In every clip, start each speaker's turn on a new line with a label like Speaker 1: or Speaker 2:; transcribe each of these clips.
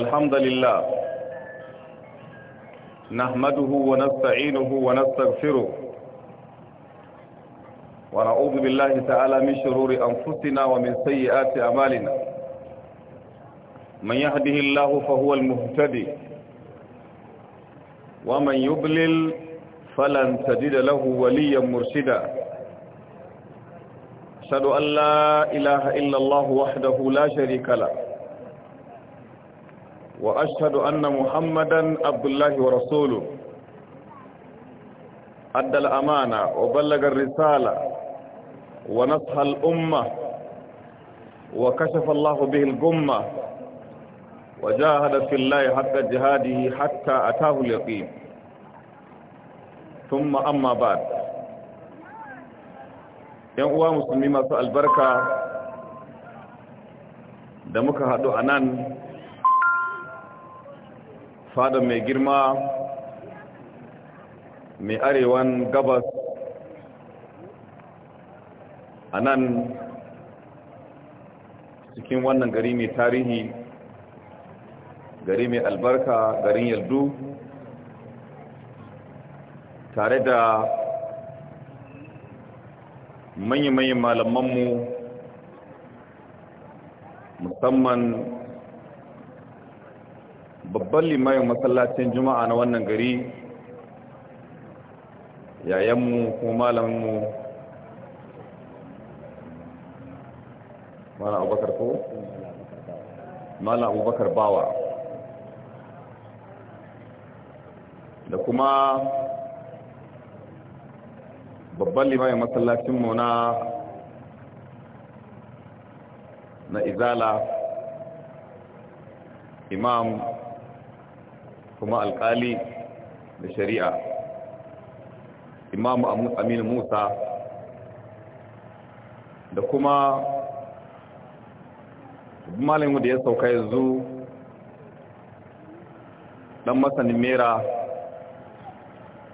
Speaker 1: الحمد لله نحمده ونستعينه ونستغفره ونعوذ بالله تعالى من شرور أنفسنا ومن سيئات أمالنا من يهده الله فهو المهتدي ومن يضلل فلن تجد له وليا مرشدا أشهد أن لا إله إلا الله وحده لا شريك له وأشهد أن محمدا عبد الله ورسوله أدى الأمانة وبلغ الرسالة ونصح الأمة وكشف الله به الغمة وجاهد في الله حق جهاده حتى أتاه اليقين ثم أما بعد ينقوى مسلمين مساء البركة da muka haɗu a nan fada mai girma mai arewan gabas a nan cikin wannan gari mai tarihi gari mai albarka garin yaldu tare da manya-manyan malamanmu musamman babban limayin masallacin juma'a na wannan gari yayanmu ko malaminmu malam abubakar ko? malam abubakar bawa da kuma babban limayin masallacinmu na na izala imam kuma alkali da shari'a imamu aminu musa da kuma malamin da ya sauka yanzu dan masanin mera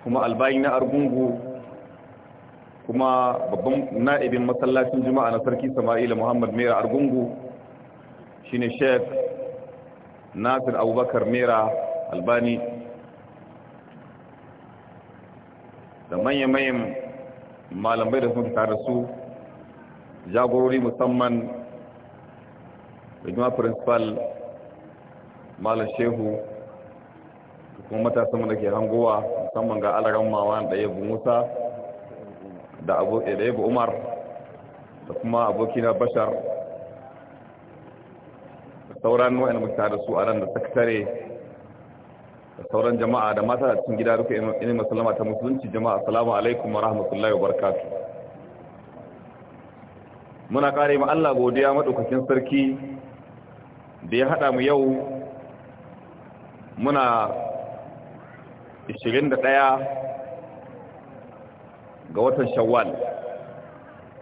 Speaker 1: kuma albayin na argungu kuma babban na'ibin masallacin juma'a na sarki sama'ila muhammad mera argungu shine Sheik nasir abubakar mera albani da manya-manyan malamai da suka tare su jagorori musamman rigima principal malam shehu da kuma matasan da ke hangowa musamman ga alaran mawa da yabu musa da eh, yabu umar da kuma abokina bashar sauran wa'in mutane su a nan da sakatare da sauran jama'a da mata da cikin gida duka ina masallama ta musulunci jama'a assalamu alaikum wa rahmatullahi wa barakatuh muna kare ma Allah godiya madaukakin sarki da ya hada mu yau muna 21 ga watan Shawwal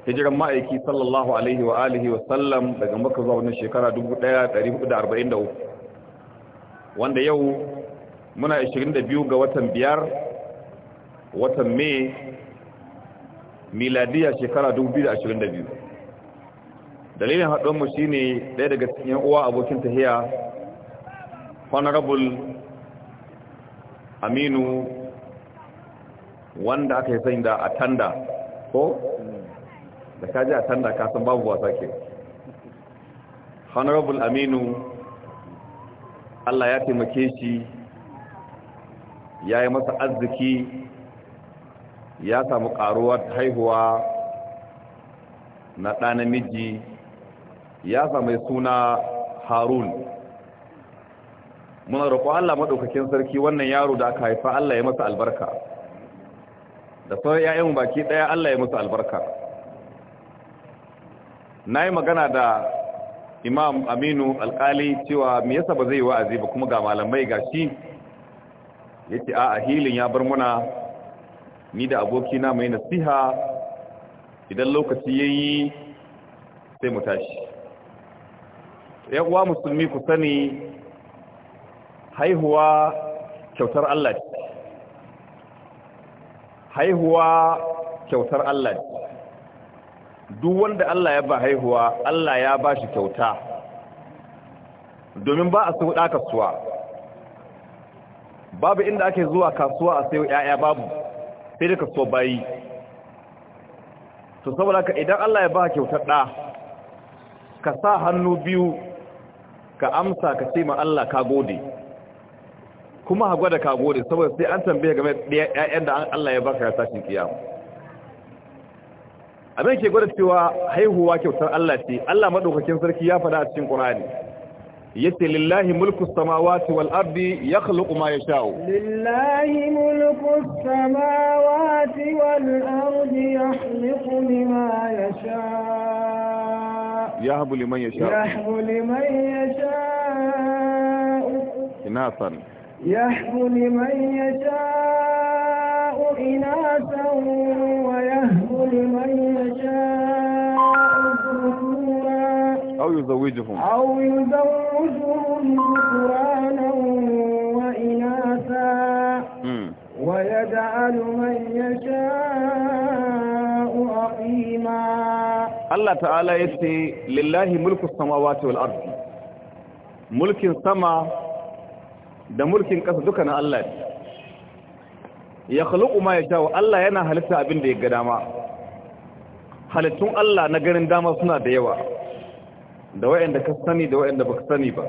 Speaker 1: hijiran ma'aiki sallallahu alaihi wa alihi wa sallam daga makka zuwa wannan shekara 1443 wanda yau muna 22 ga watan biyar watan mai miladiya shekara 2022 dalilin haɗuwanmu shi ne ɗaya daga cikin uwa abokin tahiya honorable aminu wanda aka yi sanya a tanda, ko da kaji tanda kasan babu wasa ke honorable aminu allah ya taimake shi ya yi masa arziki ya samu ƙaruwar haihuwa na ɗa namiji ya samu suna harun muna roƙo Allah maɗaukakin sarki wannan yaro da aka haifa Allah ya masa albarka da sauran ‘ya'yan baki ɗaya Allah ya masa albarka na yi magana da imam aminu alƙali cewa me yasa ba zai yi wa'azi ba kuma ga malamai ga shi ya ce a hilin ya bar muna ni da abokina mai nasiha idan lokaci ya yi sai mu tashi uwa musulmi ku sani haihuwa kyautar Allah ce haihuwa kyautar Allah ce duk wanda Allah ya ba haihuwa Allah ya ba shi kyauta domin ba a su ɗaka suwa babu inda ake zuwa kasuwa a sayo 'ya'ya babu sai da kasuwa bayi to saboda ka idan Allah ya baka kyautar ɗa ka sa hannu biyu ka amsa ka ce ma Allah ka gode kuma ha gwada ka gode saboda sai an tambaye game da ƴaƴan da Allah ya baka ya tashi kiyama abin ke gwada cewa haihuwa kyautar Allah ce Allah maɗaukakin sarki ya faɗa a cikin ƙurani yace lillahi mulku samawati wal ardi yakhluqu ma yasha'u
Speaker 2: lillahi mulku samawati wal ardi yakhluqu ma yasha'u
Speaker 1: yahbu liman yasha'u yahbu
Speaker 2: liman yasha'u inasan yahbu liman yasha'u inasan wa yahbu liman
Speaker 1: أو يزوجهم
Speaker 2: أو يزوجهم قرآنا وإناثا ويجعل من يشاء عقيما
Speaker 1: الله تعالى يتي لله ملك السماوات والأرض ملك السماء da mulkin ƙasa duka na Allah ya khaluqu ma jawo. Allah yana halitta abin da ya ga dama halittun Allah na ganin dama suna da yawa da wa'anda ka sani da wa'anda baka sani ba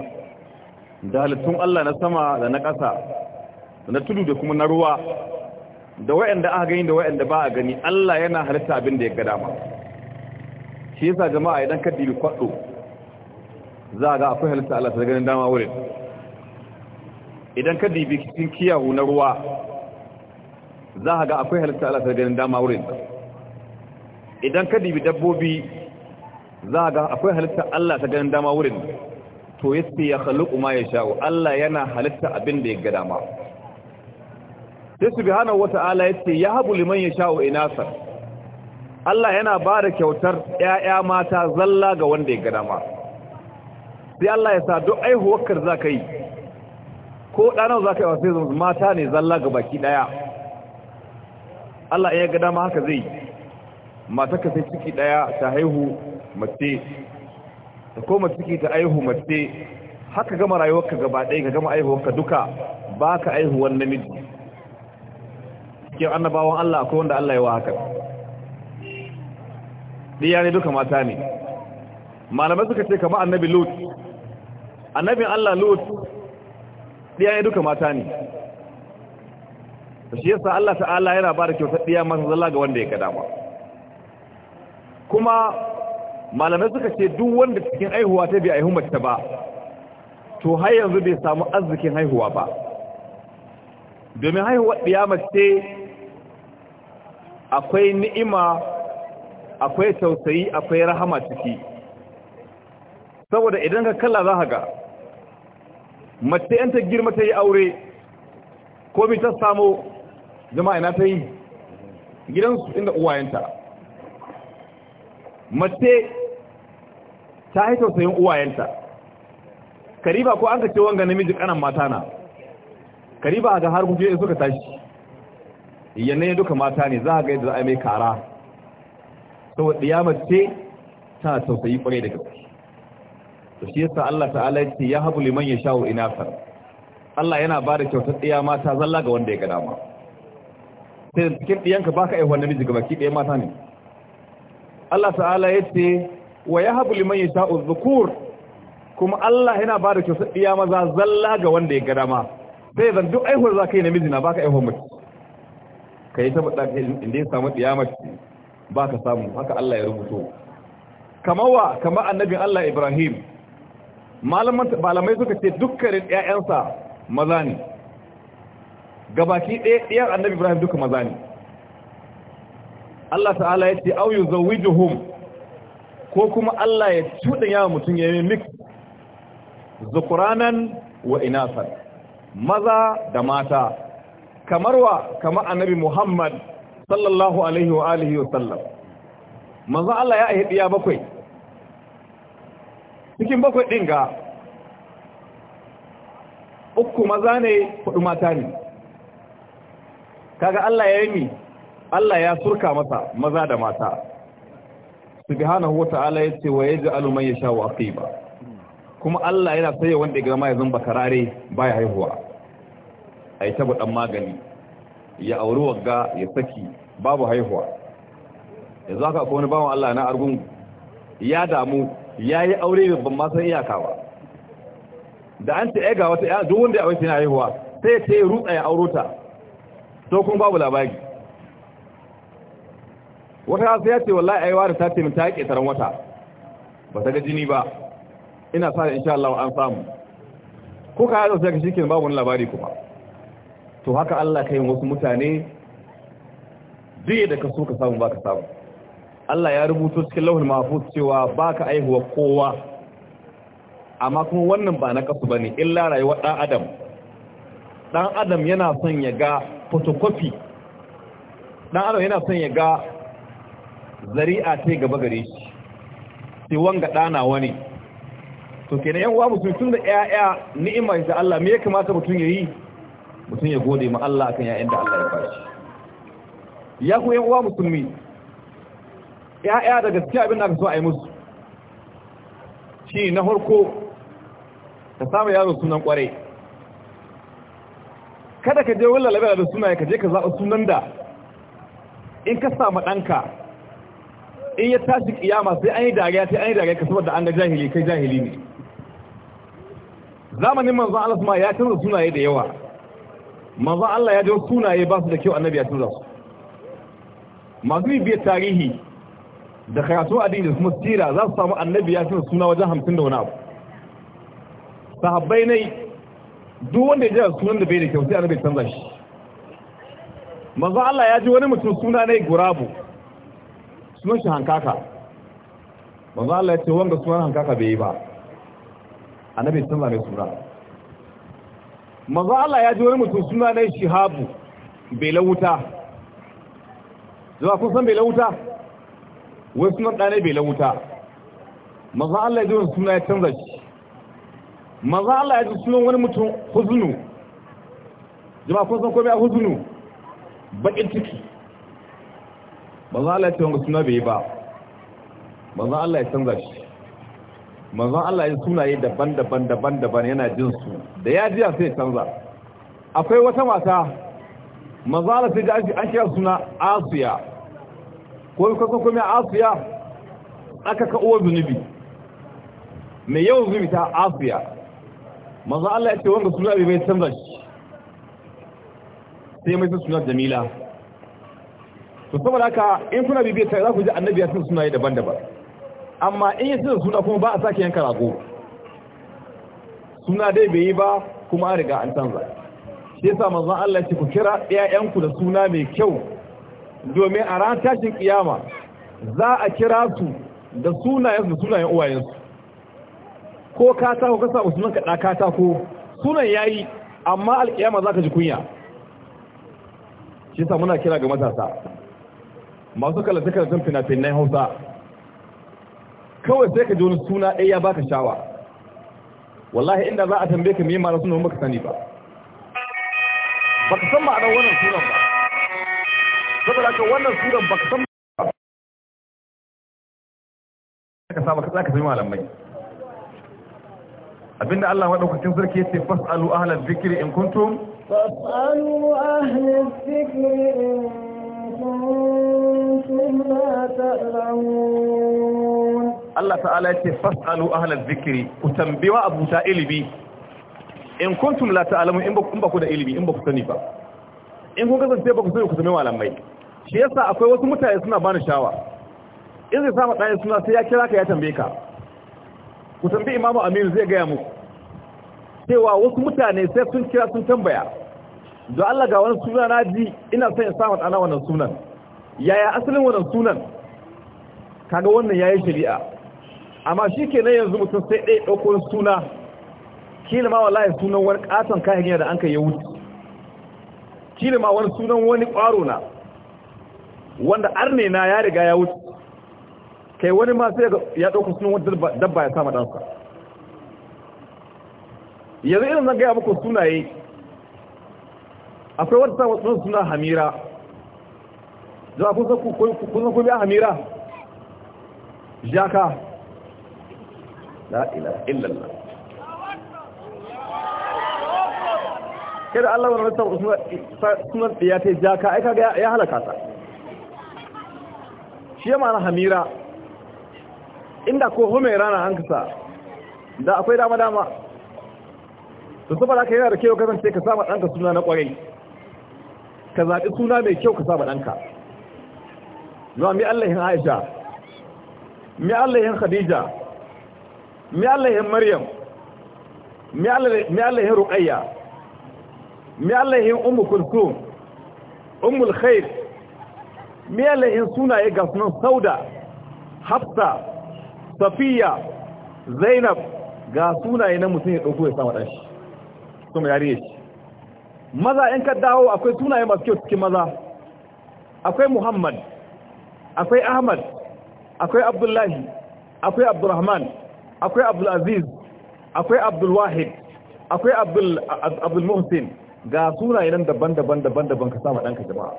Speaker 1: da halittun Allah na sama da na ƙasa da na tudu da kuma na ruwa da wa'anda aka gani da wa'anda ba a gani Allah yana halitta abin da ya ga dama shi yasa jama'a idan ka dibi kwaɗo. za ga akwai halitta Allah ta ganin dama wurin idan ka dibi cikin kiyahu na ruwa za ga akwai halitta Allah ta ganin dama wurin idan ka dibi dabbobi za ga akwai halitta Allah ta ganin dama wurin to yace ya khaluqu ma yasha'u Allah yana halitta abin da ya ga dama sai subhanahu wata'ala ya yahabu liman yasha'u inasa Allah yana ba da kyautar ƴaƴa mata zalla ga wanda ya ga dama sai Allah ya sa duk aihuwar zaka yi ko dana zaka yi wasai mata ne zalla ga baki daya Allah ya ga dama haka zai mata ka sai ciki daya ta haihu mace da koma ciki ta aihu mace haka gama rayuwarka gaba ɗaya ka gama aihuwarka duka ba ka aihuwar namiji cikin annabawan Allah akwai wanda Allah ya wa haka ɗiya ne duka mata ne malamai suka ce kama annabi lut annabin Allah lut ɗiya ne duka mata ne shi yasa Allah ta'ala yana ba da kyautar ɗiya masu zalla ga wanda ya ka dama kuma malamai suka ce duk wanda cikin aihuwa ta bai aihu mace ba to har yanzu bai samu arzikin haihuwa ba domin haihuwar ɗiya mace akwai ni'ima akwai tausayi akwai rahama ciki saboda idan ka kalla za ga mace yan ta girma ta yi aure komi ta samu jama'a ina ta yi gidansu inda uwayenta mace ta yi tausayin uwayenta kariba ko an ka ce wanga namiji kanan mata na kariba ga har kuje suka tashi yanne duka mata ne za ga yadda za a mai kara saboda ya mace ta tausayi kwarai da gaske to shi yasa Allah ta'ala ya ce ya habu liman yasha'u inasar Allah yana ba da kyautar ɗiya mata zalla ga wanda ya ga dama sai cikin diyanka baka aihuwa namiji ga baki ɗaya mata ne Allah ta'ala ya ce wa ya haɓu liman ya sha'u zukur kuma Allah yana ba da kyautar iya maza zalla ga wanda ya gada ma sai zan duk aihuwar za ka yi namiji na baka aihuwar mace ka yi taɓa ɗaka inda ya samu ɗiya mace ba ka samu haka Allah ya rubuto kamar wa kamar annabin Allah Ibrahim malamai suka ce dukkanin ‘ya'yansa maza ne gabaki ɗaya ɗiyar annabi Ibrahim duka maza ne Allah ta'ala ya ce au yuzawijuhum ko kuma Allah ya cuɗa yawa mutum ya yi mix zukuranan wa inafan maza da mata kamar wa kamar annabi Muhammad sallallahu alaihi wa alihi wa sallam maza Allah ya ya bakwai cikin bakwai ɗin ga uku maza ne hudu mata ne kaga Allah ya yi mi Allah ya surka masa maza da mata subhanahu wata'ala yace wa yaj'alu man wa aqiba kuma Allah yana saye wanda ga ma ya zamba karare baya haihuwa ai taba dan magani ya auri wagga ya saki babu haihuwa yanzu haka ko wani bawan Allah na argun ya damu yayi aure ban ma san iyaka ba da an ce ga wata duk wanda ya aure tana haihuwa sai ya ce rutsa ya aurota to kun babu labari wata sai ya ce wallahi ai wani ta ce min ta yake taron wata ba ta ga jini ba ina sa insha Allah an samu ko ka yi sai ka shikenan babu wani labari kuma to haka Allah kai wasu mutane duk da ka so ka samu ba ka samu Allah ya rubuto cikin lauhul mahfuz cewa baka aihuwa kowa amma kuma wannan ba na kasu bane illa rayuwar dan adam dan adam yana son ya ga photocopy dan adam yana son ya ga zari'a ta gaba gare shi sai wanga dana wani to kenan yan uwa mutum tun da ƴaƴa ni'ima da Allah me ya kamata mutum ya yi mutum ya gode ma Allah akan ƴaƴan da Allah ya ba shi ya ku yan uwa musulmi ƴaƴa da gaskiya abin da aka so a yi musu shi na harko ka samu yaro sunan kwarai kada ka je wallalabe da sunaye ka je ka zaba sunan da in ka samu danka. in ya tashi kiyama sai an yi dariya sai an yi dariya kasuwar da an ga jahili kai jahili ne zamanin manzan Allah ma ya canza sunaye da yawa manzan Allah ya jawo sunaye ba su da kyau annabi ya canza su masu biyar tarihi da karatu addini da kuma sira za su samu annabi ya canza suna wajen hamsin da wani abu sahabbai ne duk wanda ya jira sunan da bai da kyau sai annabi canza shi manzan Allah ya ji wani mutum suna nai gurabu sunan shi hankaka manzo Allah ya ce wanda sunan hankaka bai yi ba a annabi sun mai sura Maza Allah ya ji wani mutum suna nan shihabu bai lauta zuwa kun san bai lauta wani sunan ɗane bai lauta maza Allah ya ji wani suna ya canza shi Maza Allah ya ji sunan wani mutum huzunu jama'a kun san komai a huzunu bakin ciki manzon Allah ya ce wanga suna bai ba manzon Allah ya canza shi manzon Allah ya sunaye daban-daban daban-daban yana jin su da ya jiya sai canza akwai wata mata manzon Allah sai ji an shi suna Asiya ko ko ko kuma Asiya aka ka uwa zunubi mai yawan zunubi ta Asiya manzon Allah ya ce wanga suna bai canza shi sai mai suna Jamila to saboda haka in kuna bibiyar ta za ku ji annabi ya san sunaye daban-daban amma in yi san suna kuma ba a sake yanka rago suna dai bai yi ba kuma an riga an canza shi yasa manzon Allah ce ku kira 'ya'yanku da suna mai kyau domin a ran tashin kiyama za a kira su da sunayen da sunayen su ko katako ka sa sunan ka katako sunan yayi amma alkiyama za ka ji kunya shi yasa muna kira ga matasa masu kalace-kalacen fina-finai hausa kawai sai ka ji wani suna ɗaya ya baka shawa wallahi inda za a tambaye ka miye mara sunan baka sani ba baka san ma'anar wannan sunan ba saboda ka wannan sunan baka san ka saba ka tsaka malamai abinda Allah madaukakin sarki yace fasalu ahlal zikri in kuntum
Speaker 2: fasalu ahlal zikri in kuntum مما تعلمون
Speaker 1: الله تعالى فاسألوا أهل الذكر abu أبو تائلبي in kuntum la ta'lamun in ba ku da ilimi in ba ku sani ba in kun kasance ba ku sani ku sami malamai shi yasa akwai wasu mutane suna bani shawa in zai samu ɗaya suna sai ya kira ka ya tambaye ka ku tambi imamu aminu zai gaya muku cewa wasu mutane sai sun kira sun tambaya don Allah ga wani suna na ji ina son in samu ɗana wannan sunan yaya asalin wannan sunan kaga wannan yayin shari'a amma shi ke nan yanzu mutum sai ɗaya ɗaukon suna kila ma wallahi sunan wani ƙaton kayan yana da an ka yahudi kila ma wani sunan wani ƙwaro na wanda arne na ya riga ya wuce kai wani ma sai ya ɗauka sunan wani dabba ya sama ɗansa yanzu irin zan gaya muku sunaye akwai wata sama suna hamira za ku san ku kun biya hamira jaka la illa Allah kada Allah wa rabbi sunan ya ta jaka ai kaga ya halaka ta shi ma na hamira inda ko hume rana an kasa da akwai dama dama to saboda haka yana da kyau kasance ka saba danka suna na kwarai ka zaɓi suna mai kyau ka saba danka don mi allahin aisha mi allahin khadija mi allahin maryam mi allahin ruqayya mi allahin ummu kulthum ummul khair mi allahin sunaye ga sunan sauda hafsa safiya zainab ga sunaye na mutum ya dauko ya sama dan shi kuma yare shi maza in ka dawo akwai sunaye masu kyau cikin maza akwai muhammad akwai ahmad akwai abdullahi akwai abdurrahman akwai abdulaziz akwai abdulwahid akwai abdulmuhsin ga sunaye nan daban-daban daban-daban ka sama ɗanka jama'a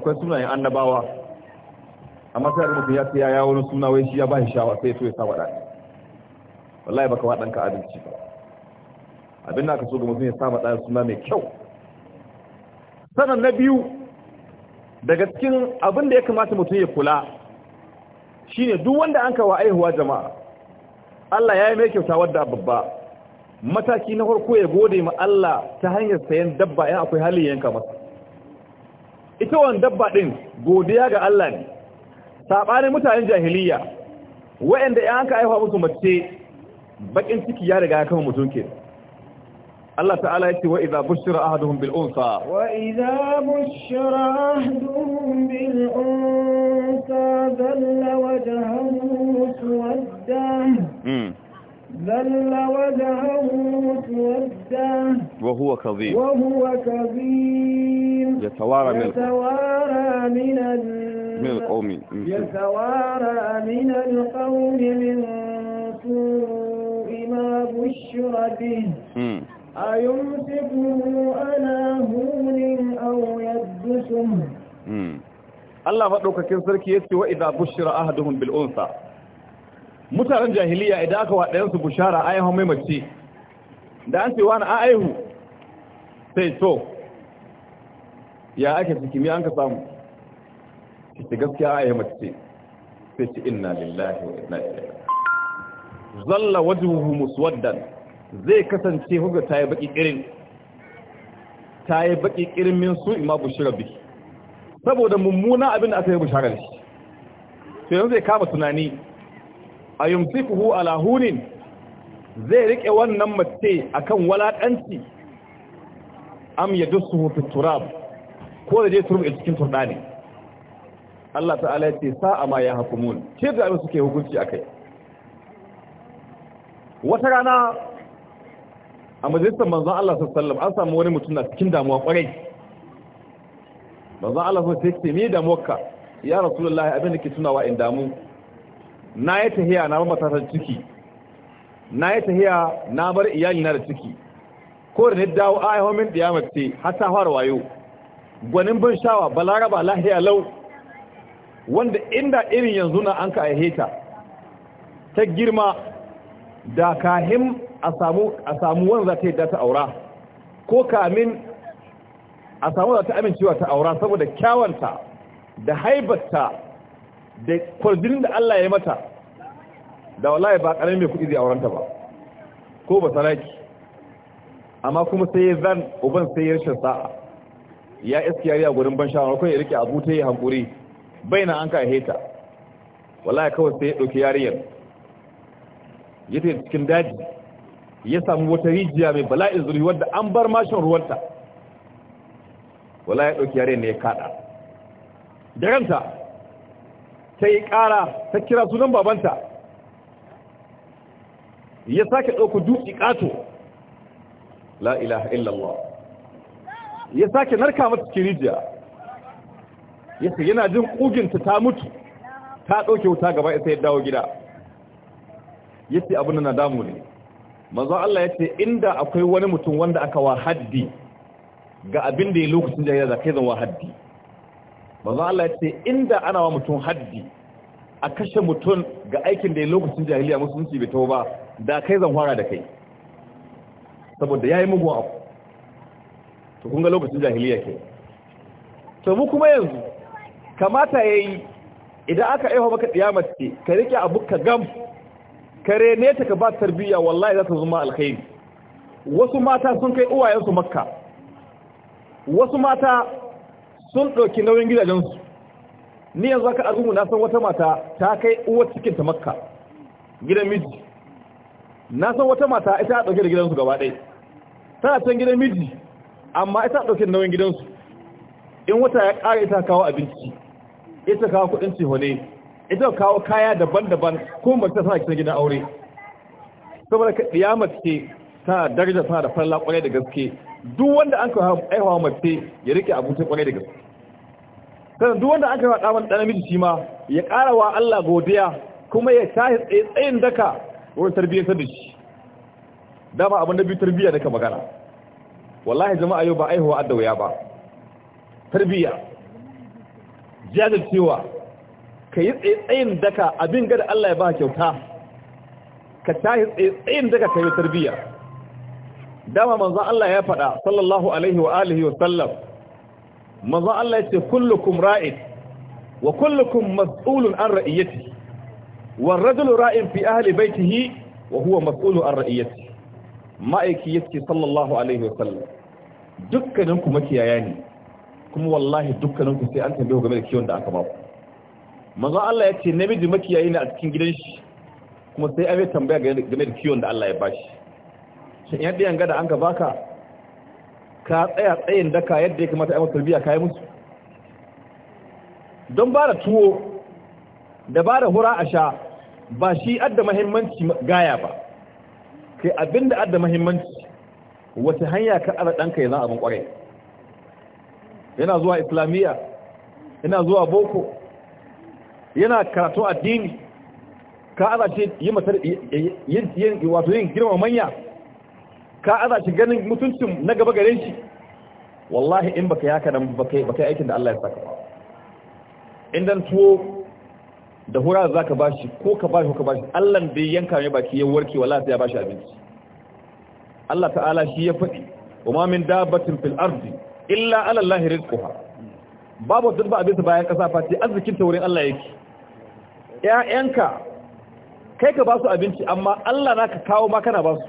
Speaker 1: akwai sunayen annabawa amma sai mutum ya ce ya wani suna wai shi ya ba shi shawa sai ya so ya sa ɗanka wallahi baka wa ɗanka abinci ba abin da ka so ga mutum ya sama ɗanka suna mai kyau sanan na biyu daga cikin abin da ya kamata mutum ya kula shi ne duk wanda an kawo aihuwa jama'a Allah ya yi mai kyauta wadda babba mataki na farko ya gode ma Allah ta hanyar sayan dabba 'yan akwai halin yanka masa ita wani dabba din godiya ga Allah ne Saɓanin mutanen jahiliya waɗanda ya hanka aihuwa musu mace bakin ciki ya riga ya kama mutum kenan الله تعالى يأتي وإذا بشر أحدهم بالأنثى
Speaker 2: وإذا بشر أحدهم بالأنثى ذل وجهه مسودا ذل وجهه مسودا
Speaker 1: وهو كظيم
Speaker 2: وهو كظيم يتوارى من يتوارى من من القوم يتوارى من القوم من سوء ما بشر به أيمسكه على هون
Speaker 1: Allah faɗaukakin sarki ya ce wa idan bushira ahaduhum bil unsa mutanen jahiliya idan aka waɗayen su bushara ayyuhan mai mace da an ce wani aihu sai to ya ake ciki me an ka samu ki gaskiya ayyuhan mace sai ce inna lillahi wa inna ilaihi zalla wajhuhu muswaddan zai kasance huga ta yi baki irin ta yi baki irin min su ima bushira bi saboda mummuna abin da aka yi bushara shi sai yanzu zai kama tunani a yumsikuhu ala hunin zai rike wannan mace akan walakanci am ya dusu fi turab ko da je a cikin turdani Allah ta'ala ya ce sa'a ma ya hukumun ce da abin suke hukunci akai wata rana a majalisar manzan Allah sallallahu an samu wani mutum na cikin damuwa kwarai manzan Allah sallallahu ce wasallam me damuwarka ya rasulullahi abin da ke tunawa in damu na yi tahiya na bar ciki na yi tahiya na bar iyali na da ciki ko da ne dawo a yahomin diyamar ce har ta fara wayo gwanin bin shawa balaraba lahiya lau wanda inda irin yanzu na an ka aiheta ta girma da kahin. a samu a samu za ta yi ta aura ko kamin a samu za ta amincewa ta aura saboda kyawanta da haibarta da kwarjinin da Allah ya mata da wallahi ba karamin mai kuɗi zai auranta ba ko ba saraki amma kuma sai ya zan uban sai ya rashin sa'a ya iska yari a ban sha'awar kawai ya rike abu ta yi hankuri bai na an ka heta wallahi kawai sai ya ɗauki yariyar ya ta cikin daji ya samu wata rijiya mai bala'in zurfi wadda an bar mashin ruwanta wala ya ɗauki yare ne ya kaɗa da ranta ta yi ƙara ta kira sunan babanta ya sake ɗauku dutse ƙato la ilaha illallah ya sake narka mata ke rijiya ya yana jin ƙuginta ta mutu ta ɗauke wuta gaba ya sai dawo gida ya ce abin na damu ne manzon Allah ya ce inda akwai wani mutum wanda aka wa haddi ga abin da ya lokacin jahiliya da zakai zan wa haddi manzon Allah ya ce inda ana wa mutum haddi a kashe mutum ga aikin da ya lokacin jahiliya musulunci bai tawo ba da kai zan fara da kai saboda yayi mugu abu to kun ga lokacin jahiliya ke to mu kuma yanzu kamata yayi idan aka aiwa maka kiyamar ce ka rike abu ka gam kare ne ta ka ba tarbiyya wallahi za ta zama alkhairi wasu mata sun kai uwayensu makka wasu mata sun ɗauki nauyin gidajensu ni yanzu aka azumu na san wata mata ta kai uwar cikinta makka gidan miji na san wata mata ita a ɗauke da gidansu gaba ɗaya tana can gidan miji amma ita a ɗauke da nauyin gidansu in wata ya ƙara ita kawo abinci ita kawo kuɗin cihone idan kawo kaya daban-daban ko mace tana cikin gidan aure saboda ya mace ta daraja tana da falla kwarai da gaske duk wanda an kawo aihawa mace ya rike abinci kwarai da gaske sannan duk wanda an kawo ɗaman dan namiji shi ma ya ƙara wa Allah godiya kuma ya shahi tsaye tsayin daka wurin tarbiyyar da shi dama abin da biyu tarbiyya da ka magana wallahi jama'a yau ba aihawa adda wuya ba tarbiyya jajircewa ka yi tsayin daka abin gada Allah ya ba kyauta ka tahi tsayin daka ka yi tarbiyya dama manzon Allah ya faɗa sallallahu alaihi wa alihi wa sallam manzon Allah ya ce kullukum ra'id wa kullukum mas'ulun an ra'iyati wa ar-rajulu ra'in fi ahli baytihi wa huwa mas'ulun an ra'iyati ma'aiki yace sallallahu alaihi wa sallam dukkaninku makiyaya ne kuma wallahi dukkaninku sai an tambaye game da kiyon da aka ba ku manzon Allah ya ce namiji makiyayi ne a cikin gidan shi kuma sai an tambaya game da kiwon da Allah ya bashi shi yadda yanga da an ka baka ka tsaya tsayin daka yadda ya kamata a yi tarbiyya ka yi musu don ba da tuwo da ba da hura a sha ba shi adda mahimmanci gaya ba kai abinda adda mahimmanci wata hanya ka ara ɗanka ya za abin ƙwarai yana zuwa islamiyya yana zuwa boko yana karatu addini ka azace yi masar yin wato yin girma manya ka azace ganin mutuncin na gaba gare shi wallahi in baka yaka nan baka baka aikin da Allah ya saka in dan tuwo da hura zaka bashi ko ka bashi ko ka bashi Allah da yanka mai baki ya warke wallahi sai ya bashi abinci Allah ta'ala shi ya faɗi wa min dabbatin fil ardi illa ala Allah rizquha babu dubba abin bayan kasa fa sai arzikin ta wurin Allah yake ‘ya'yanka kai ka ba su abinci amma Allah na ka kawo ma kana ba su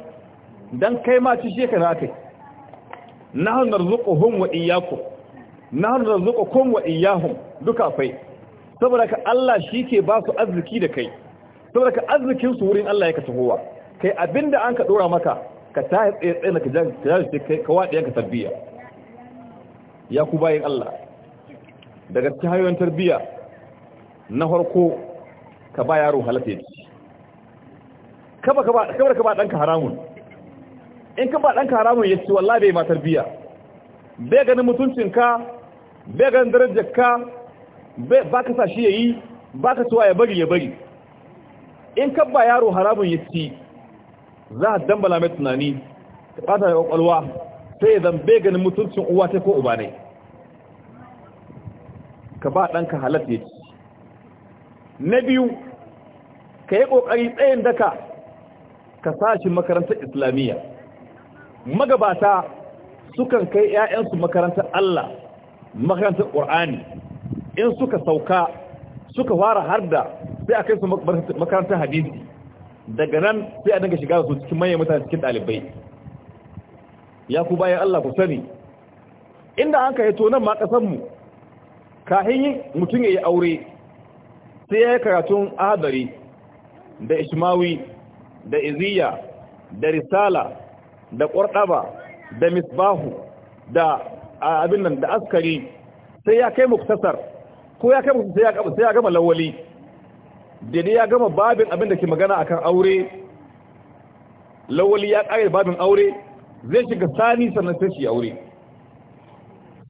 Speaker 1: don kai ma ci sheka na kai na hannar zuƙo hun wa iyaku na hannar zuƙo kun wa iyahun duka fai saboda ka Allah shi ke ba su arziki da kai saboda ka arzikinsu wurin Allah ya ka kai abinda an ka ɗora maka ka ta tsaye tsaye na ka kai ka waɗe yanka tarbiyya ya ku bayan Allah daga cikin hanyoyin tarbiyya na farko ka ba yaro halatta ya ci kaba ka ba ɗanka haramun in ka ba ɗanka haramun ya ci bai ma tarbiya bai ganin mutuncinka bai ganin darajarka ba ka sa shi ya yi ba ka ya bari ya bari in ka ba yaro haramun ya ci za a dambala mai tunani ka ɓata da ƙwaƙwalwa sai ya zambe ganin mutuncin uwa ta ko uba ne ka ba ɗanka halatta ya ci na biyu ka yi ƙoƙari tsayin daka ka sashi makarantar islamiyya magabata sukan kai 'ya'yansu makarantar Allah makarantar ƙur'ani in suka sauka suka fara harda sai a kai su makarantar hadisi daga nan sai a dinga shiga su cikin manyan mutane cikin ɗalibai ya ku bayan Allah ku sani inda an ka yi tonon ma ƙasanmu kahin mutum ya yi aure sai ya yi karatun adari da ishmawi da iziya da risala da ƙwarɗaba da misbahu da abin nan da askari sai ya kai muktasar ko ya kai muktasar sai ya gama lawali da ya gama babin abin da ke magana akan aure lawali ya ƙare babin aure zai shiga sani sannan sai shi aure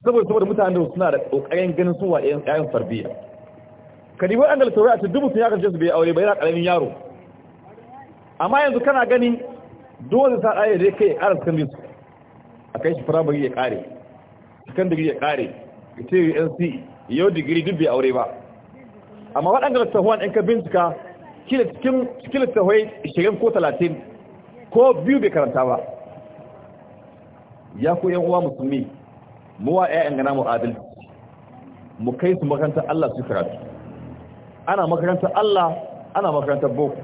Speaker 1: saboda saboda mutane suna da ƙoƙarin ganin sun wa 'ya'yan farbiya kadibu an da taurari a cikin dubu sun ya karshe su bai aure bai yana karamin yaro amma yanzu kana gani dole sa ɗaya zai kai ƙara secondary su a kai shi firamare ya ƙare digiri ya ƙare ya ce unc e, yau digiri duk bai aure ba amma waɗanda littattafuwan in ka bincika cikin littattafai 20 ko talatin ko biyu bai karanta ba ya ku yan uwa musulmi mu wa 'ya'yan gana mu adalci mu kai su makarantar Allah su karatu ana makarantar Allah ana makarantar boko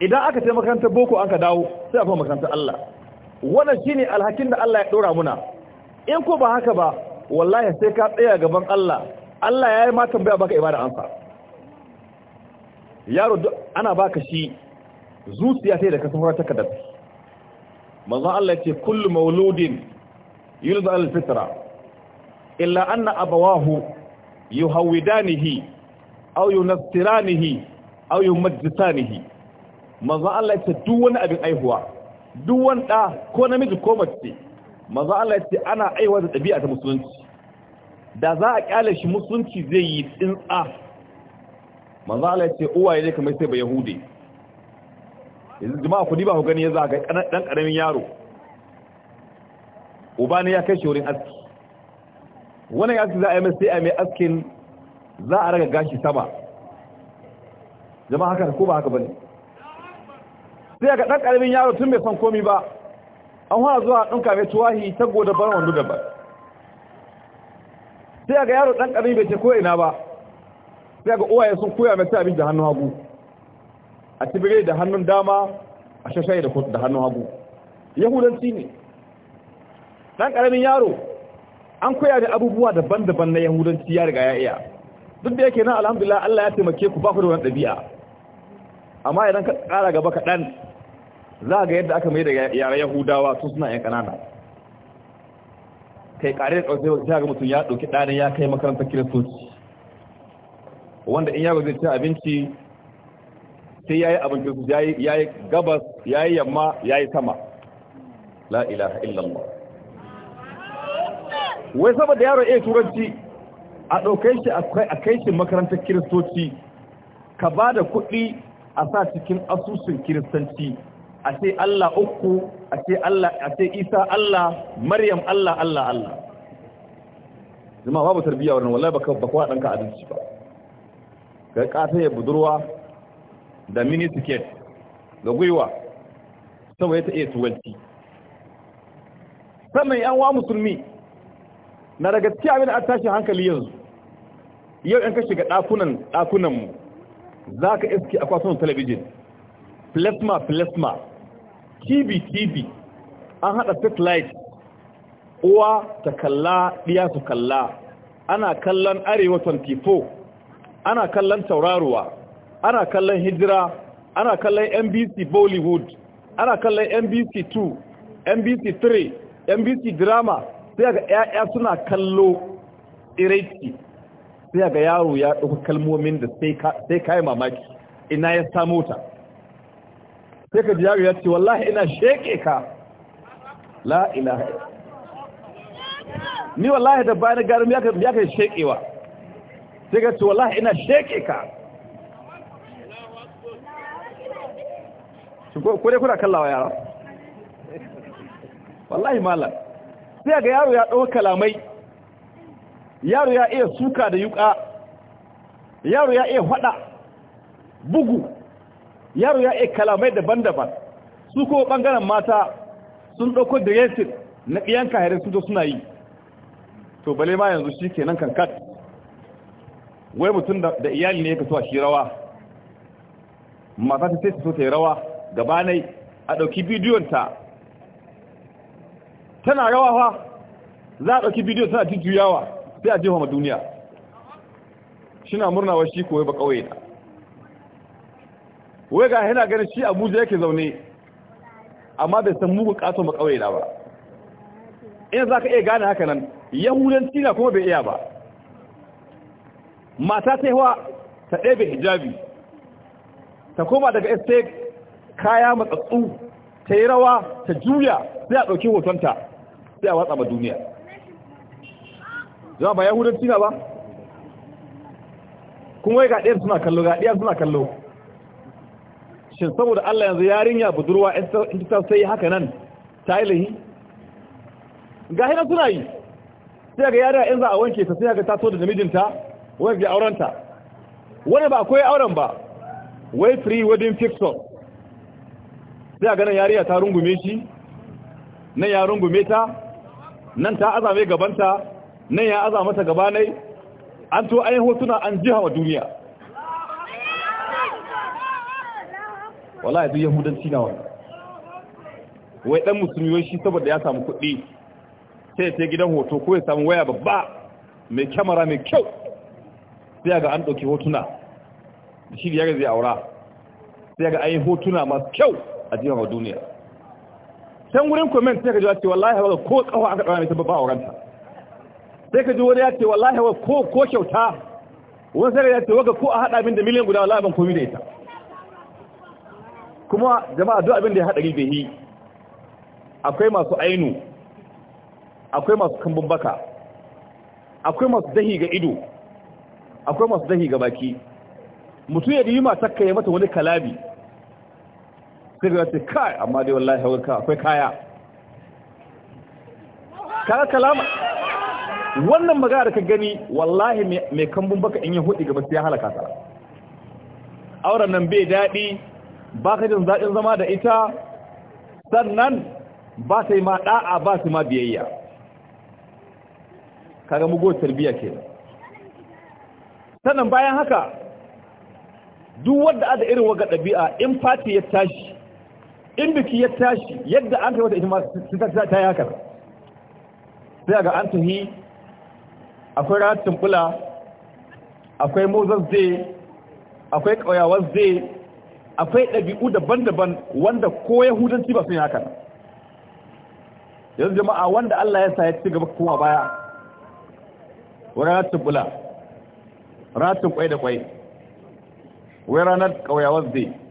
Speaker 1: idan aka ce makarantar boko an ka dawo sai a fa makarantar Allah wannan ne alhakin da Allah ya ɗora muna in ko ba haka ba wallahi sai ka tsaya gaban Allah Allah ya yi ma tambaya baka ibada ansa yaro ana baka shi zuciya sai da kasuwar fara takardar manzon Allah ya ce kullu mauludin yulzu al-fitra illa anna abawahu yuhawidanihi aw yunastiranihi aw yumajjisanihi manzo Allah ya duk wani abin aihuwa duk wanda ko namiji ko mace manzo Allah ya ana aiwa da dabi'a ta musulunci da za a kyale shi musulunci zai yi tsintsa manzo Allah ya ce uwaye ne kamar sai ba yahudi yanzu jama'a ku diba ku gani ya zaga dan karamin yaro uba ne ya kai shi wurin aski wannan aski za a yi mai sai a mai askin za a raga gashi sama jama'a haka ko ba haka bane sai ga dan karamin yaro tun bai san komi ba an fara zuwa dinka mai tuwahi ta goda bar wando da bar sai ga yaro dan karamin bai ce ko ina ba sai ga uwaye sun koya mai ta da hannu hagu a tibire da hannun dama a shashaye da hannun hagu yahudanci ne dan karamin yaro an koya da abubuwa daban-daban na yahudanci ya riga ya iya duk da yake na alhamdulillah Allah ya taimake ku ba ku da wani ɗabi'a amma idan ka ƙara gaba kaɗan za ga yadda aka mai da yaren yahudawa su suna yan ƙanana kai ƙare da ƙausai sai ga mutum ya ɗauki ɗani ya kai makarantar kiristoci wanda in yaro zai ci abinci sai ya yi abinci su ya yi gabas ya yi yamma ya yi sama la ilaha illallah wai saboda yaro iya turanci a ɗauke shi a kai shi makarantar kiristoci ka ba da kuɗi a sa cikin asusun kiristanci a ce Allah uku a ce Allah a ce Isa Allah Maryam Allah Allah Allah zama babu tarbiyya wannan wallahi baka baka wadan ka adalci ba ga kata ya budurwa da mini ticket ga gwiwa saboda ta iya tuwalci sanan yan wa musulmi na daga ci abin a tashin hankali yanzu yau in ka shiga ɗakunan ɗakunanmu za ka iske akwatunan talabijin plasma plasma tv tv an haɗa satellite uwa ta kalla ɗiya su kalla ana kallon arewa 24 ana kallon tauraruwa ana kallon hijira ana kallon nbc bollywood ana kallon nbc 2 nbc 3 nbc drama sai ga ƴaƴa suna kallo tsiraici sai ga yaro ya ɗauka kalmomin da sai ka yi mamaki ina ya samu ta sai ka ji yaro ya ce wallahi ina sheke ka la ilaha ni wallahi da bayan garin ya kai shekewa sai ka ce wallahi ina sheke ka ko dai kuna kallawa yara wallahi malam sai ga yaro ya ɗau kalamai yaro ya iya suka da yuka yaro ya iya faɗa bugu yaro ya iya kalamai daban-daban su ko ɓangaren mata sun ɗauko diresin na ɗiyan kahirin sun zo suna yi to bale ma yanzu shi ke nan kankat wai mutum da iyali ne ya kasuwa shi rawa mata ta sai su so ta yi rawa gabanai a ɗauki bidiyon ta. tana rawa fa za a ɗauki bidiyo tana jujjuyawa sai a jefa ma duniya shina wa shi koyi ba ƙauye na wai ga yana ganin shi abuja yake zaune amma bai san mugun katon ba ƙauye na ba in za ka iya gane haka nan yahudanci na kuma bai iya ba mata ta yawa ta ɗebe hijabi ta koma daga estate kaya matsatsu ta yi rawa ta juya sai a ɗauki hotonta sai a watsa ma duniya zama ba yahudanci na ba kuma ya gaɗiyar suna kallo gaɗiyar suna kallo shin saboda Allah yanzu yarinya budurwa in ta sai haka nan ta yi lahi ga hina suna yi sai ga yarinya in za a wanke ta sai ga so da namijinta wani ga aurenta wani ba akwai auren ba wai free wedding fixer sai ga nan yariya ta rungume shi nan ya rungume ta nan ta azame gabanta nan ya azama ta gabanai an to ayin hotuna an jiha wa duniya wallahi yanzu yahudanci na wani. wai dan musulmi saboda ya samu kuɗi sai ta gidan hoto ko ya samu waya babba mai kyamara mai kyau sai ga an ɗauki hotuna da shi da yaga zai aura sai ga ayin hotuna masu kyau a jiha wa duniya can gurin comment sai ka ji wace wallahi ba ko kawo aka ta mai a wuranta sai ka ji wani ya ce wallahi ba ko ko kyauta wani sai ya ce waga ko a haɗa abinda da miliyan guda wallahi ban komi da ita kuma jama'a duk abin da ya hada ribehi akwai masu ainu akwai masu kambun baka akwai masu dahi ga ido akwai masu dahi ga baki mutum ya yi matakka kai mata wani kalabi sai ce kai amma dai wallahi akwai kaya kaga kalama wannan magana da ka gani wallahi mai kambun baka in yi hudu gaba sai ya halaka ta auren nan bai daɗi ba ka jin zaɗin zama da ita sannan ba ta yi ma ɗa'a ba su ma biyayya kaga mugo tarbiyya ke sannan bayan haka duk wadda ada irin waga ɗabi'a in fati ya tashi in biki ya tashi yadda an kai ita ma ta yi haka sai ga an tafi akwai ratin bula akwai mozar zai akwai ƙauyawar zai akwai ɗabi'u daban-daban wanda ko yahudanci ba sun yaka yanzu jama'a wanda Allah ya sa ya ci gaba kuma baya wani ratin bula ratin kwai da kwai wai ranar ƙauyawar zai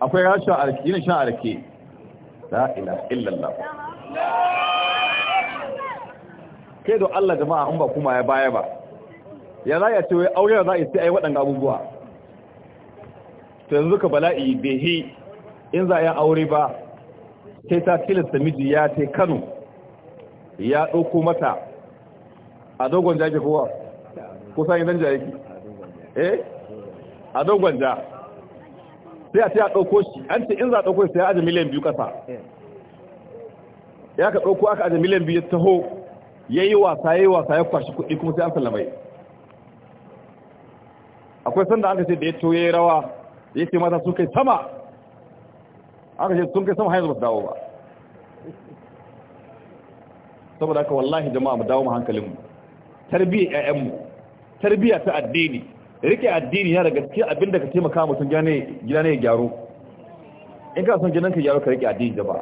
Speaker 1: akwai rashin arke yin shan arke la ilaha illallah kai da Allah jama'a an ba kuma ya baya ba ya za ya ce wai aure za a yi sai ai waɗanda abubuwa to yanzu ka bala'i behi in za a yi aure ba sai ta tilasta miji ya ce Kano ya ɗauko mata a dogon jaki kowa kusa nan jaki eh a dogon jaki sai a ce a ɗauko shi an ce in za a ɗauko shi sai aje miliyan biyu ƙasa ya ka ɗauko aka aje miliyan biyu ya taho ya yi wasa ya yi wasa ya kwashi kuɗi kuma sai an sallamai akwai sanda aka ce da ya to ya yi rawa ya ce mata sun kai sama aka ce sun kai sama hanyar ba su dawo ba saboda haka wallahi jama'a mu dawo mu hankalinmu tarbiyyar 'ya'yanmu tarbiyya ta addini rike addini yana daga cikin abin da ka taimaka mutum gida ne ya gyaru in ka son gidanka gyaru ka rike addini da ba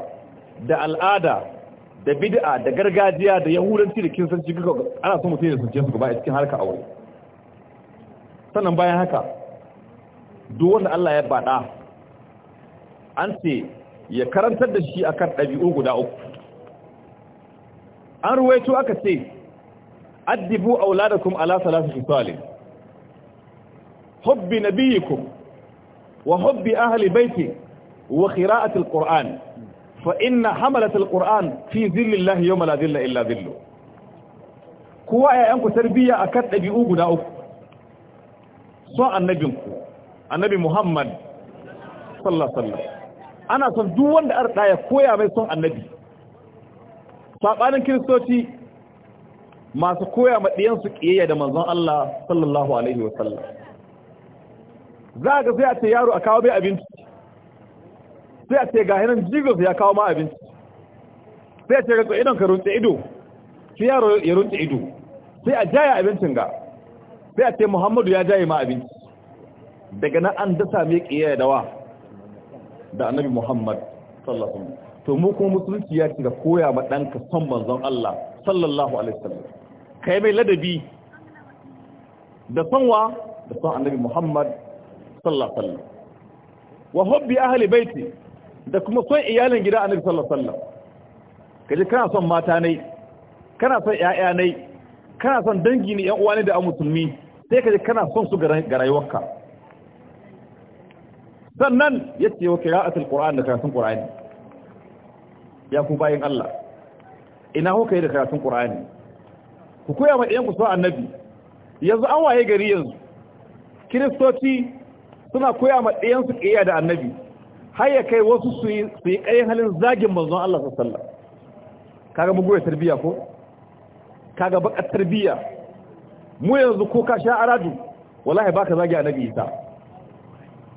Speaker 1: da al'ada da bid'a da gargajiya da yahudanci da ci duka ana son mutum ya sunce su gaba a cikin harka aure sannan bayan haka duk wanda Allah ya bada an ce ya karantar da shi akan ɗabi'u guda uku an ruwaito aka ce addibu auladakum ala salatu salih حب نبيكم وحب أهل بيته وقراءة القرآن فإن حملة القرآن في ذل الله يوم لا ذل إلا ذله كوا يأنكو تربية أكد أبيؤوه ناؤك سواء النبيكم النبي محمد صلى الله عليه وسلم ana son duk wanda arda ya koya mai son annabi sabanin kiristoci masu koya ma diyansu kiyayya da manzon Allah sallallahu alaihi wasallam za ga sai a ce yaro a kawo bai abinci sai a ce ga hinan jigosu ya kawo ma abinci sai a ce rantsa idon ka runtse ido sai yaro ya runtse ido sai a jaya abincin ga sai a ce muhammadu ya jaye ma abinci daga nan an dasa mai kiyaye dawa da annabi muhammad sallallahu alaihi wasallam to mu kuma musulunci ya ci da koya ma ɗanka son manzon Allah sallallahu alaihi wasallam kai mai ladabi da sanwa da son annabi Muhammad sallallahu alaihi wasallam wa hubbi ahli baiti da kuma son iyalin gida annabi sallallahu alaihi wasallam kaje kana son mata ne kana son ƴaƴa ne kana son dangi ne ƴan uwa ne da an musulmi sai kaje kana son su ga rayuwarka sannan yace wa qira'atul qur'an da karatun qur'ani ya ku bayin Allah ina kuka yi da karatun qur'ani ku koya ma ɗayan ku so annabi yanzu an waye gari yanzu kiristoci suna koya ma ɗayansu ƙiyya da annabi har ya kai wasu su yi ƙayin halin zagin manzon Allah sallallahu kaga mu goye tarbiyya ko kaga baka tarbiyya mu yanzu ko ka sha aradu wallahi baka zagi annabi isa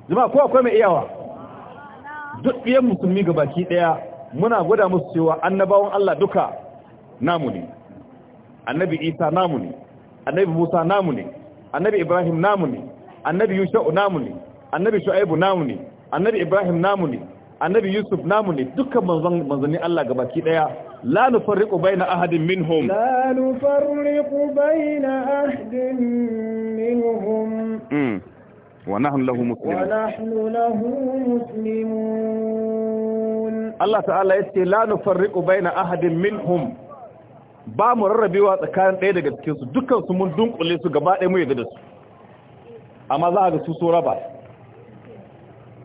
Speaker 1: jama'a ko akwai mai iyawa duk ɗiyan musulmi ga baki ɗaya muna gwada musu cewa annabawan Allah duka namu ne annabi isa namu ne annabi musa namu ne annabi ibrahim namu ne annabi yusha namu ne annabi shu'aibu namu ne annabi ibrahim namu ne annabi yusuf namu ne dukkan manzon manzoni Allah gabaki daya la nufarriqu baina ahadin minhum
Speaker 2: la nufarriqu baina ahadin minhum
Speaker 1: hmm. wa nahnu lahu muslimun wa
Speaker 2: nahnu lahu
Speaker 1: muslimun Allah ta'ala yace la nufarriqu baina ahadin minhum ba mu rarrabewa tsakanin ɗaya daga cikin su dukkan su mun dunkule su gaba ɗaya mu yadda da su amma za a ga su so raba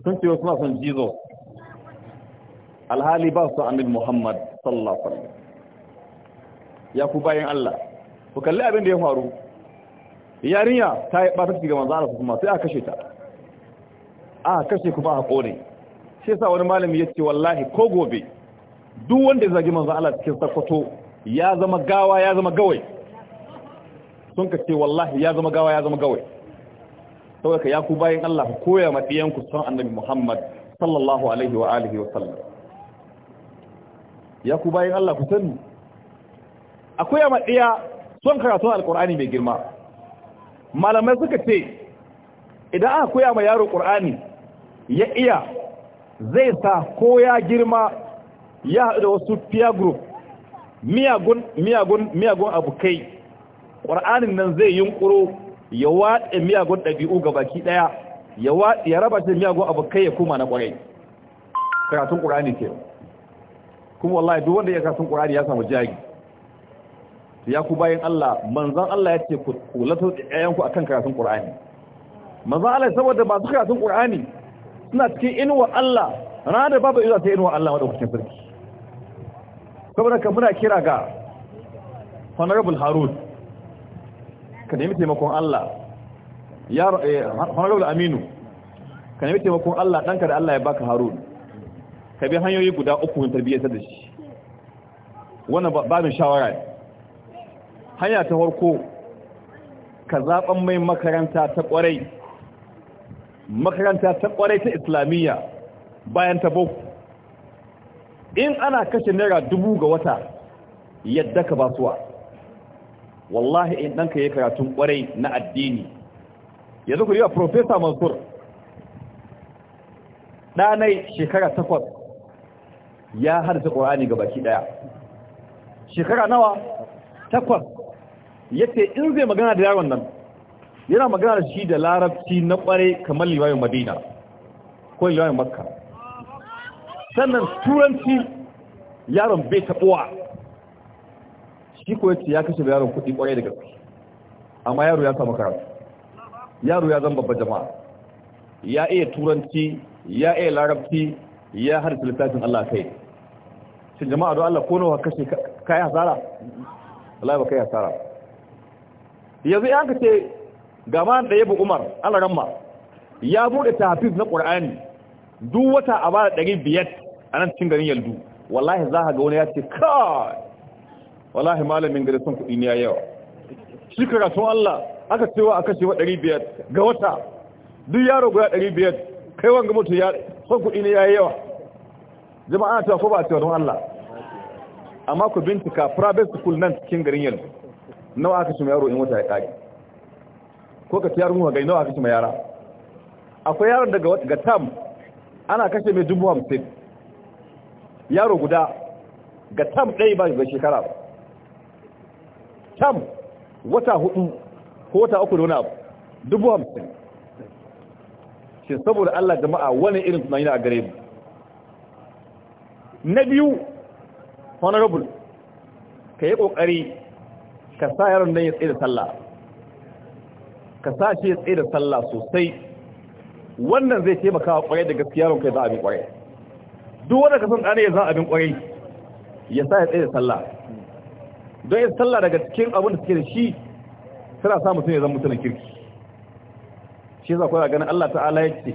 Speaker 1: sun ce suna son jesus alhali ba su annabi muhammad sallallahu ya ku bayan allah ku kalli abin da ya faru yarinya ta yi ɓata shiga manzan Allah kuma sai a kashe ta a kashe kuma a kone shi sa wani malami ya ce wallahi ko gobe duk wanda ya zagi manzan Allah cikin sakwato ya zama gawa ya zama gawai sun ka ce wallahi ya zama gawa ya zama gawai ka ya ku bayan Allah ku koya ma ku son annabi Muhammad sallallahu alaihi wa alihi wa sallam ya ku bayan Allah ku sani a koya ma diya son karatun alqur'ani mai girma malamai suka ce idan aka koya ma yaro qur'ani ya iya zai sa ko ya girma ya haɗu da wasu peer group miyagun miyagun miyagun abukai ƙwar'anin nan zai yunƙuro ya watsa miyagun ɗabi'u ga baki ɗaya ya watsa ya raba shi miyagun abokai ya kuma na ƙwarai karatun ƙurani ke kuma wallahi duk wanda ya karatun ƙurani ya samu jagi ya ku bayan Allah manzan Allah ya ce ku latar a akan karatun ƙurani manzan Allah saboda masu karatun ƙurani suna cikin inuwa Allah rana da babu izuwa ta inuwa Allah madaukakin sarki saboda ka muna kira ga honorable harun ka nemi taimakon Allah ya da eh, aminu ka nemi taimakon Allah ɗanka da Allah ya baka harun ka bi hanyoyi guda uku na tarbiyyar da shi wannan ba babin shawara ne hanya ta farko ka zaɓan mai makaranta ta ƙwarai makaranta ta ƙwarai ta islamiyya bayan ta boko in ana kashe naira dubu ga wata yadda ka basuwa wallahi in ɗanka ya karatun kwarai na addini yanzu ku yi wa profesa mansur ɗanai shekara takwas ya harta ƙorani ga baki ɗaya shekara nawa takwas ya ce in zai magana da yaron nan yana magana da shi da larabci na kware kamar liwayin madina ko liwayin makka sannan turanci yaron bai taɓuwa shi ko yace ya kashe yaron kudi kwarai da gaske amma yaro ya samu karatu yaro ya zama babba jama'a ya iya turanci ya iya larabci ya harfi littafin Allah kai shi jama'a don Allah ko nawa kashe kai hasara Allah ba kai hasara yanzu ya kace gama da yabu Umar Allah ramma ya bude tahfiz na Qur'ani duk wata a ba 500 a nan cikin garin Yaldu wallahi za ka ga wani ya ce kai wallahi malamin gari sun kuɗi ne yawa shi karatun Allah aka cewa aka ce wa 500 ga wata duk yaro guda 500 kai wanga mutu ya son kuɗi ne yayi yawa jama'a ta ko ba ta don Allah amma ku bincika private school nan cikin garin yanzu nawa aka ce yaro in wata ya kage ko ka tiyar mu gani nawa aka ce yara akwai yaron daga ga tam ana kashe mai dubu hamsin yaro guda ga tam ɗaya ba shekara ba tam wata hudu ko wata uku da wani abu dubu hamsin shi saboda Allah jama'a wani irin tunanina a gare mu na biyu honorable ka yi kokari ka sa yaron don ya tsaye da sallah ka sa shi ya tsaye da sallah sosai wannan zai taimaka wa kwarai da gaskiya yaron kai za a bin kwarai duk wanda ka san ɗane ya za a bin kwarai ya sa ya tsaye da sallah don yin sallah daga cikin abin da suke da shi suna sa mutum ya zama mutumin kirki shi yasa kuna ganin Allah ta'ala ya ce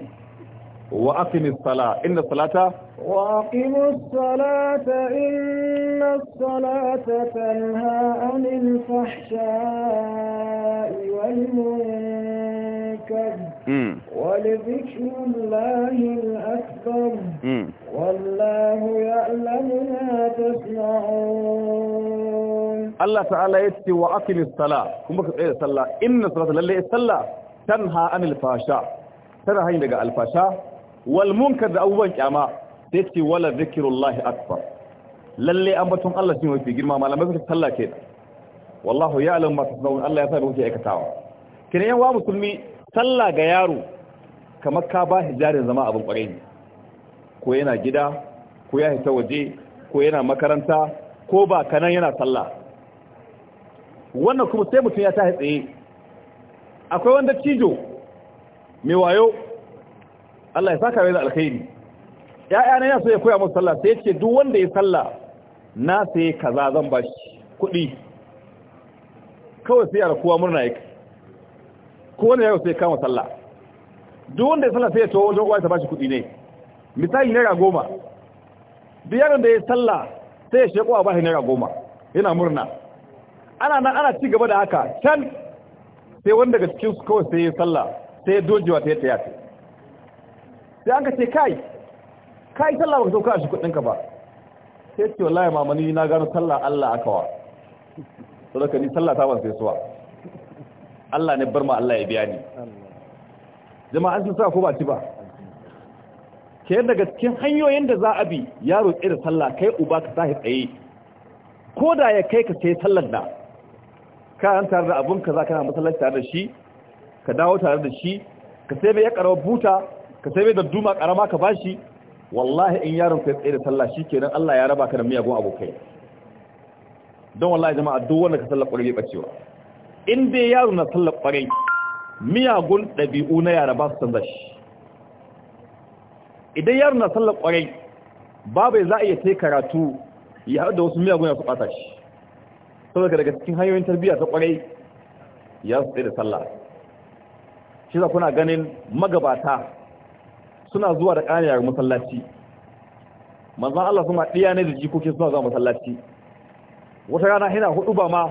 Speaker 1: wa aqimis sala inna salata
Speaker 2: wa aqimus salata inna salata tanha anil fahsha'i wal munkar hmm. wa lidhikrillahi al-akbar hmm. wallahu ya'lamu ma tasna'un
Speaker 1: Allah ta'ala ya ce wa aqimis sala kuma ka tsaya da sallah inna salata lalle sallah ha anil fasha tana hani daga alfasha wal da abubuwan kyama sai ce wala zikrullahi akbar lalle ambaton Allah shine mafi girma malamai suka sallah ke wallahu ya'lamu ma tasnaun Allah ya sa kuke aikatawa kina yan wa musulmi sallah ga yaro kamar ka ba hijarin zama abin kwarai ne ko yana gida ko ya hita waje ko yana makaranta ko ba kanan yana sallah wannan kuma sai mutum ya tashi tsaye akwai wanda cijo mai wayo Allah ya saka rai da alkhairi ya'ya na ya ya koya musu sallah sai yace duk wanda ya sallah na sai kaza zan bashi kuɗi kawai sai yara kowa murna yake ko wanda ya sai kama sallah duk wanda ya sallah sai ya to wajen uwa ta bashi kuɗi ne misali naira goma duk yaron da ya sallah sai ya sheko a bashi naira goma yana murna ana nan ana ci gaba da haka can sai wanda daga cikin su kawai sai ya sallah sai ya dojewa ta yadda ya ce sai an ka ce kai kai sallah ba ka sauka a shi kudinka ba sai ce wallahi mamani na gano sallah Allah aka wa sau daga ni sallah ta ban sai suwa Allah ne bar ma Allah ya biya ni jama'a sun sa ko ba ci ba ke daga cikin hanyoyin da za a bi yaro tsere sallah kai uba ka sahi tsaye ko da ya kai ka sai sallar da ka an tare da abun kaza kana masallaci tare da shi ka dawo tare da shi ka sai bai ya karawa buta ka sai bai da duma karama ka bashi wallahi in yaron ka tsaye da sallah shikenan Allah ya raba ka da miyagun abokai don wallahi jama'a duk wanda ka sallar kwarai ba cewa. in dai yaro na sallar kwarai miyagun ɗabi'u na yara ba su canza shi idan yaro na sallar kwarai babu za a iya kai karatu ya haɗu da wasu miyagun ya su ɓata shi saboda daga cikin hanyoyin tarbiyya ta kwarai ya su tsaye da sallah shi za kuna ganin magabata suna zuwa da ƙaniyar masallaci manzan Allah suna ɗiya ne da jikokin suna zuwa masallaci wata rana hina hudu ba ma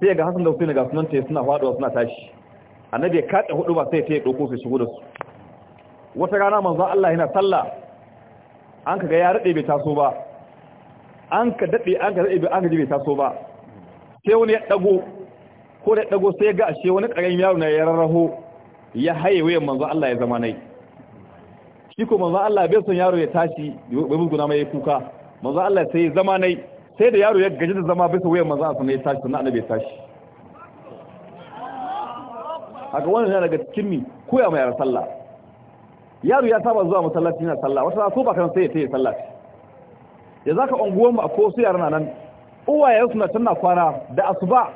Speaker 1: sai ga hasan da husaini ga sunanta ya suna faɗuwa suna tashi annabi ya kaɗe hudu ba sai ta ya ɗauko sai shigo da su wata rana manzan Allah yana sallah an ka ga ya raɗe bai taso ba an ka daɗe an ka daɗe an ka ji bai taso ba sai wani ya ɗago ko da ɗago sai ga ashe wani ƙarin yaro na ya rarraho ya haye wayan manzo Allah ya zama nai shi ko manzo Allah bai son yaro ya tashi bai buguna mai kuka manzo Allah sai ya zama nai sai da yaro ya gaji da zama bai son wuyan manzo Allah ya tashi sannan annabi ya tashi haka wannan yana daga cikin mi koya mai sallah yaro ya saba zuwa masallaci na sallah wata ko ba kan sai ya tayi sallah ya zaka unguwan mu a ko su yaran nan uwaye suna tana kwana da asuba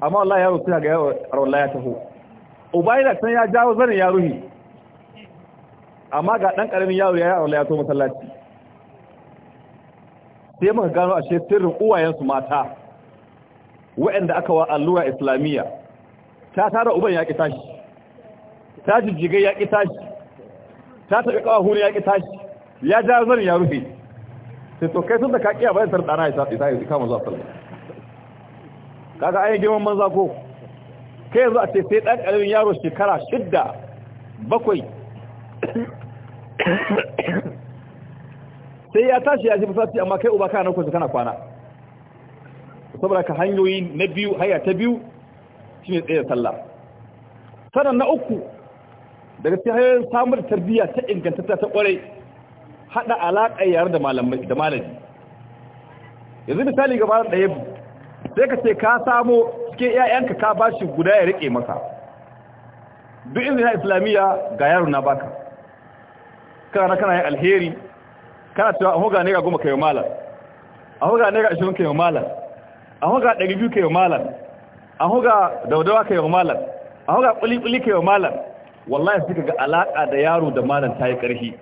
Speaker 1: amma Allah ya rufu ga yaro Allah ya taho uba yana san ya jawo zanen ya ruhi amma ga ɗan ƙaramin yaro ya yaro ya to masallaci sai muka gano ashe sirrin uwayensu mata waɗanda aka wa allura islamiyya ta tara uban ya ƙi tashi ta jijjigai ya ƙi tashi ta taɓi huni ya ƙi tashi ya jawo zanen ya rufe sai to kai sun da kaƙiya bayan sardana ya sa ya kama zuwa sallah kaga yi girman manza ko kai yanzu a ce sai ɗan karamin yaro shekara shidda bakwai sai ya tashi ya ji musati amma kai uba kana kwanci kana kwana saboda ka hanyoyi na biyu haya ta biyu shine tsaye sallah sannan na uku daga cikin hanyoyin samar tarbiyya ta ingantatta ta ƙwarai. haɗa alaƙa yare da malami yanzu misali gaba da ɗaya sai ka ce ka samo cikin ƴaƴanka ka ba shi guda ya riƙe maka duk inda islamiyya ga yaro na baka kana kana yin alheri kana cewa a hoga ne ga goma kayo malar a hoga ne ga ashirin kayo malar a hoga ɗari biyu kayo malar a hoga daudawa kayo malar a hoga ƙuli-ƙuli kayo malar wallahi suka ga alaƙa da yaro da malar ta yi ƙarfi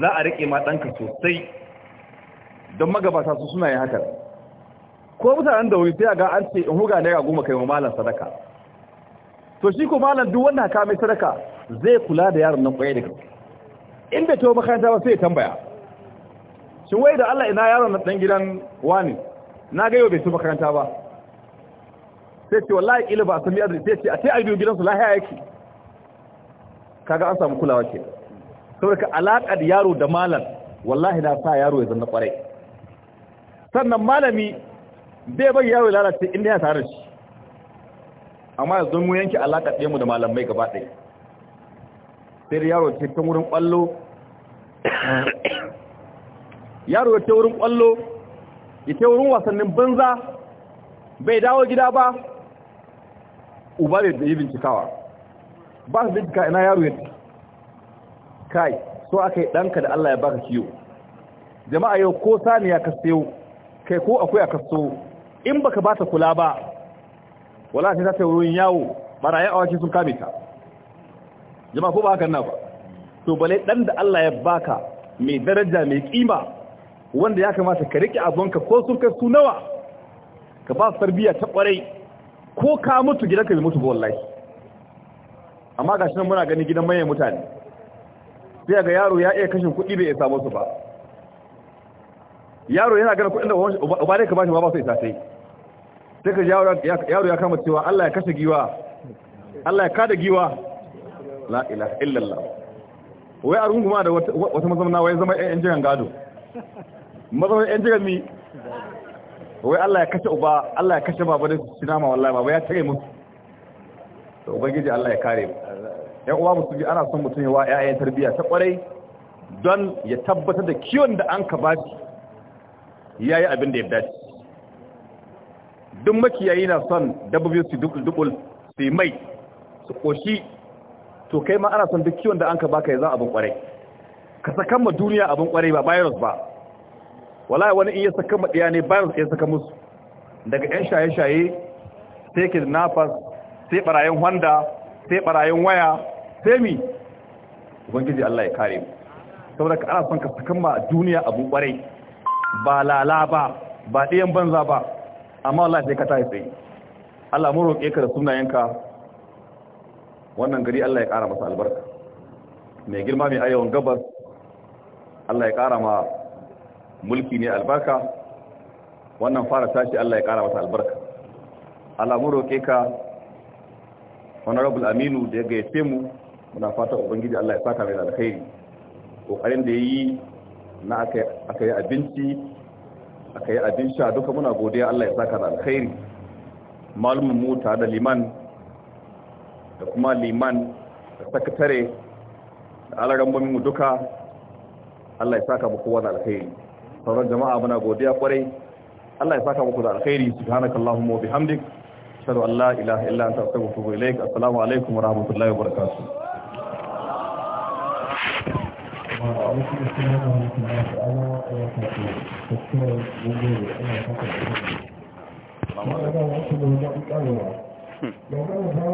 Speaker 1: za a riƙe ma ɗanka sosai don magabata su suna yin haka ko mutanen da wuri sai ga an ce in huga naira goma kai malam sadaka to shi ko malam duk wanda ka mai sadaka zai kula da yaron nan kwaye da kai in bai tawo makaranta ba sai ya tambaya shin wai da Allah ina yaron nan dan gidan wani na ga yau bai tawo makaranta ba sai ce wallahi ila ba sami azri sai ce a sai a gidansu lahiya yake kaga an samu kulawa kenan saboda alaƙar yaro da malam wallahi na sa yaro ya zanna ƙwarai, sannan malami bai bai yaro ya lalace inda ya tare shi amma yanzu mu yanki alaƙar ɗaya mu da malamai gaba ɗaya sai da yaro ce ta wurin ƙwallo yaro ya ce wurin ƙwallo ya ta wurin wasannin banza bai dawo gida ba uba da yi bincikawa ba su bincika ina yaro ya ta kai so aka yi ɗanka da Allah ya baka kiyo jama'a yau ko saniya ka sayo kai ko akwai a kaso in baka ba ta kula ba wala sai ta ta wurin yawo barayen awaki sun kame ta jama'a ko ba hakan na ba to bale ɗan da Allah ya baka mai daraja mai kima wanda ya kamata ka riƙe abonka ko sun kai su nawa ka ba sarbiya ta ƙwarai ko ka mutu gidanka bi mutu ba wallahi amma gashi nan muna gani gidan manyan mutane sai ga yaro ya iya kashin kuɗi bai isa musu ba yaro yana gani kuɗin da uba ne ka bashi ba ba su isa sai sai ka yaro ya kama cewa Allah ya kashe giwa Allah ya kada giwa la ilaha illallah wai a runguma da wata mazamna wai zama yan jiran gado mazamna yan jiran mi wai Allah ya kashe uba Allah ya kashe baba da sinama nama wallahi baba ya tare musu to ubangiji Allah ya kare mu yan uwa musu ana son mutum yawa 'ya'yan tarbiyya ta kwarai don ya tabbatar da kiwon da an ka bashi yi abin da ya dace duk makiyayi na son dabbobi su dubul dubul su mai su koshi to kai ma ana son duk kiwon da an ka baka ya za abin kwarai ka sakan ma duniya abin kwarai ba virus ba wallahi wani iya sakan ma diya ne virus ya saka musu daga yan shaye-shaye sai ke nafas, sai barayin wanda sai barayin waya sai mi ubangiji Allah ya kare mu saboda ka ana son ka sakamma duniya abu kwarai ba lala ba ba ɗayan banza ba amma Allah sai ka tafi sai Allah mu roƙe ka da sunayenka wannan gari Allah ya ƙara masa albarka mai girma mai ayyawan gabas Allah ya ƙara ma mulki ne albarka wannan fara tashi Allah ya ƙara masa albarka Allah mu roƙe ka honorable Aminu da ya gayyace mu muna fata ubangiji Allah ya saka mai alkhairi kokarin da yayi na aka yi abinci aka yi abin sha duka muna godiya Allah ya saka da alkhairi malumin mu ta da liman da kuma liman da sakatare da alarambomin mu duka Allah ya saka muku wani alkhairi sauran jama'a muna godiya kwarai Allah ya saka muku da alkhairi subhanakallahumma wa bihamdik ashhadu an la ilaha illa anta astaghfiruka wa atubu ilaik assalamu alaikum wa rahmatullahi wa barakatuh
Speaker 3: وعليكم السلام ورحمة الله تعالى وبركاته تشكر وجود أنا فقط لو كان